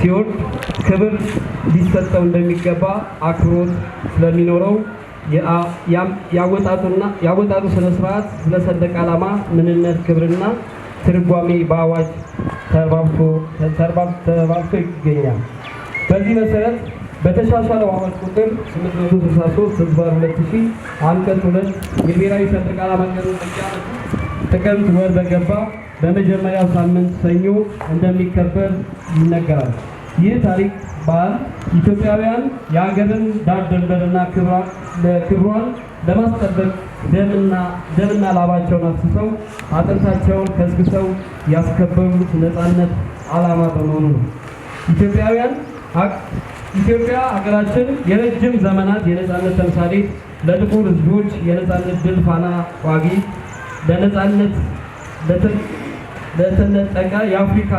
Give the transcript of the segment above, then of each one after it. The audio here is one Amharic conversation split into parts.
ሲሆን ክብር ሊሰጠው እንደሚገባ አክብሮት ስለሚኖረው የአወጣጡ ስነ ስርዓት ስለ ሰንደቅ ዓላማ ምንነት ክብርና ትርጓሜ በአዋጅ ተርባብቶ ይገኛል። በዚህ መሰረት በተሻሻለው አዋጅ ቁጥር 863 ህዝባር 2000 አንቀጽ 2 የብሔራዊ ሰንደቅ ዓላማ ቀን ጥቅምት ወር በገባ በመጀመሪያው ሳምንት ሰኞ እንደሚከበር ይነገራል። ይህ ታሪክ በዓል ኢትዮጵያውያን የሀገርን ዳር ድንበርና ክብሯን ለማስጠበቅ ደምና ላባቸውን አፍስሰው አጥንታቸውን ከስክሰው ያስከበሩት ነፃነት ዓላማ በመሆኑ ነው። ኢትዮጵያውያን ኢትዮጵያ ሀገራችን የረጅም ዘመናት የነፃነት ተምሳሌ፣ ለጥቁር ሕዝቦች የነፃነት ድል ፋና ዋጊ፣ ለነፃነት ለተነጠቀ የአፍሪካ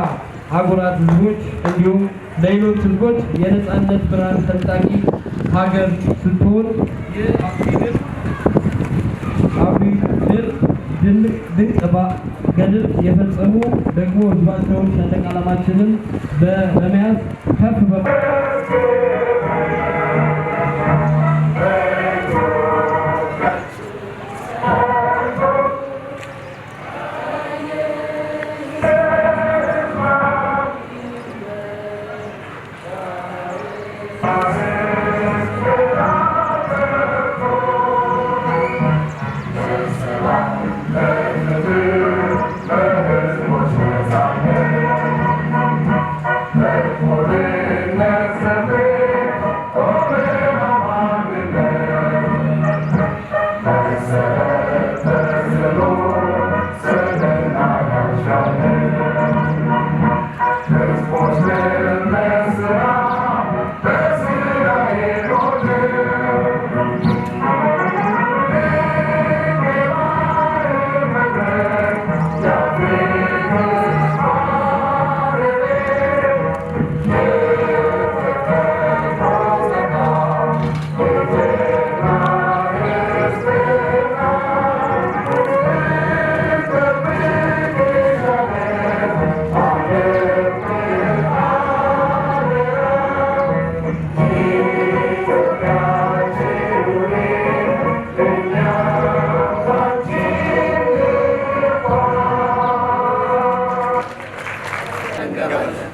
አህጉራት ህዝቦች እንዲሁም ለሌሎች ህዝቦች የነፃነት ብርሃን ሰንጣቂ ሀገር ስትሆን ይህ ድር ድንቅ ድንቅ ገድል የፈጸሙ ደግሞ ህዝባቸውን ሰንደቅ ዓላማችንን በመያዝ ከፍ በ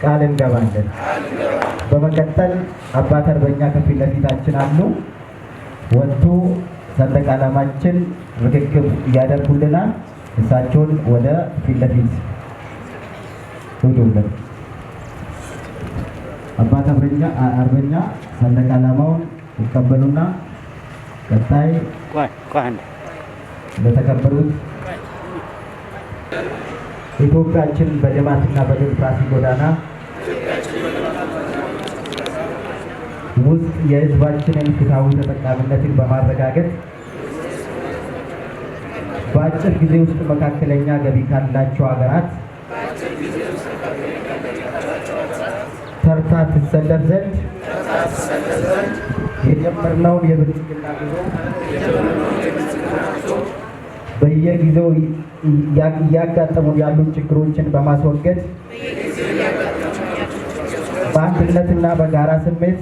ቃል እንገባለን። በመቀጠል አባት አርበኛ ከፊት ለፊታችን አሉ። ወጥቶ ሰንደቅ ዓላማችን ርክክብ እያደርጉልናል። እሳቸውን ወደ ፊት ለፊት ሂዱልን። አባት አርበኛ አርበኛ ሰንደቅ ዓላማውን ይቀበሉና ቀጣይ ለተከበሩት ኢትዮጵያችን በልማትና በዲሞክራሲ ጎዳና ውስጥ የህዝባችንን ፍትሐዊ ተጠቃሚነትን በማረጋገጥ በአጭር ጊዜ ውስጥ መካከለኛ ገቢ ካላቸው ሀገራት ተርታ ትሰለፍ ዘንድ የጀመርነውን የብልጽግና ጉዞ በየጊዜው እያጋጠሙ ያሉ ችግሮችን በማስወገድ በአንድነትና በጋራ ስሜት